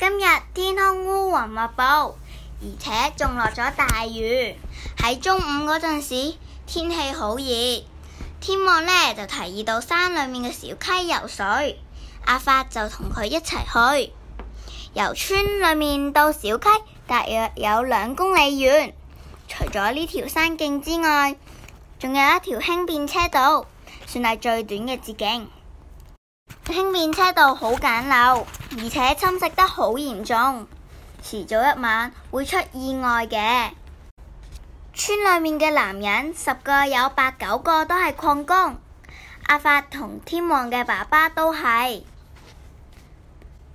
今日天空烏雲密布，而且仲落咗大雨。喺中午嗰陣時，天氣好熱，天望呢，就提議到山裏面嘅小溪游水，阿發就同佢一齊去。由村裏面到小溪大約有兩公里遠，除咗呢條山徑之外，仲有一條輕便車道，算係最短嘅捷徑。輕便車道好簡陋，而且侵蝕得好嚴重，遲早一晚會出意外嘅。村裏面嘅男人十個有八九個都係礦工，阿發同天王嘅爸爸都係。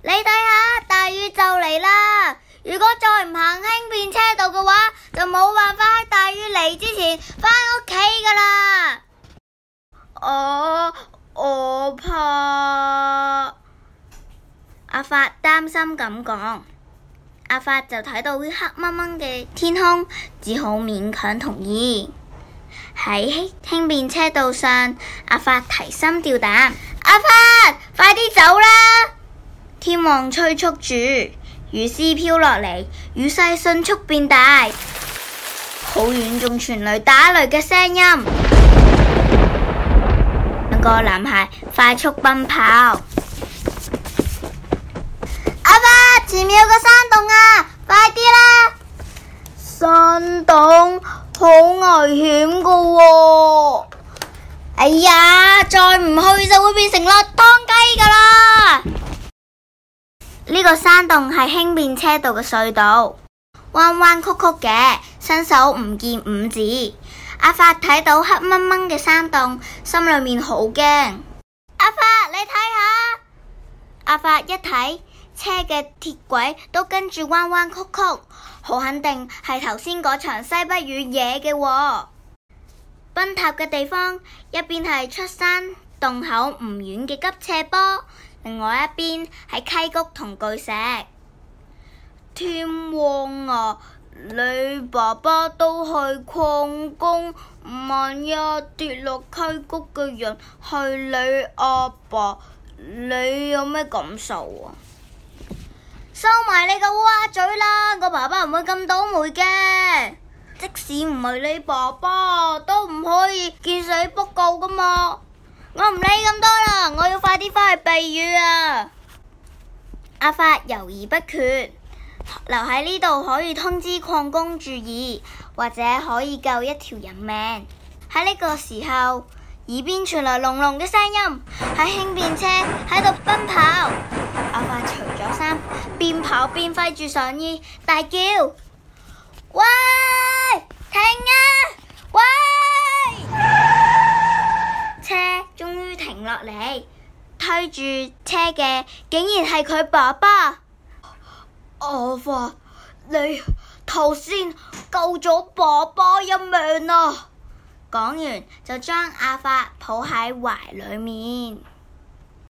你睇下，大雨就嚟啦！如果再唔行輕便車道嘅話，就冇辦法喺大雨嚟之前翻屋企噶啦。哦。我怕阿發擔心咁講，阿發就睇到啲黑掹掹嘅天空，只好勉強同意。喺輕便車道上，阿發提心吊膽。阿發，快啲走啦！天王催促住，雨絲飄落嚟，雨勢迅速變大，好遠仲傳來打雷嘅聲音。個男孩快速奔跑。阿爸，爸，前面有個山洞啊，快啲啦！山洞好危險噶喎、哦！哎呀，再唔去就會變成落湯雞噶啦！呢個山洞係輕便車道嘅隧道，彎彎曲曲嘅，伸手唔見五指。阿發睇到黑掹掹嘅山洞，心裏面好驚。阿發，你睇下。阿發一睇，車嘅鐵軌都跟住彎彎曲曲，好肯定係頭先嗰場西北雨惹嘅禍。崩塌嘅地方一邊係出山洞口唔遠嘅急斜坡，另外一邊係溪谷同巨石。天荒啊！你爸爸都係礦工，萬一跌落溪谷嘅人係你阿爸，爸，你有咩感受啊？收埋你個烏鴉嘴啦！我爸爸唔會咁倒霉嘅，即使唔係你爸爸，都唔可以見死不救㗎嘛！我唔理咁多啦，我要快啲返去避雨啊！阿發猶豫不決。留喺呢度可以通知礦工注意，或者可以救一條人命。喺呢個時候，耳邊傳來隆隆嘅聲音，喺輕便車喺度奔跑。阿爸除咗衫，邊跑邊揮住上衣大叫，喂，停啊！喂，啊、車終於停落嚟，推住車嘅竟然係佢爸爸。阿法，你頭先救咗爸爸一命啊！講完就將阿法抱喺懷裡面。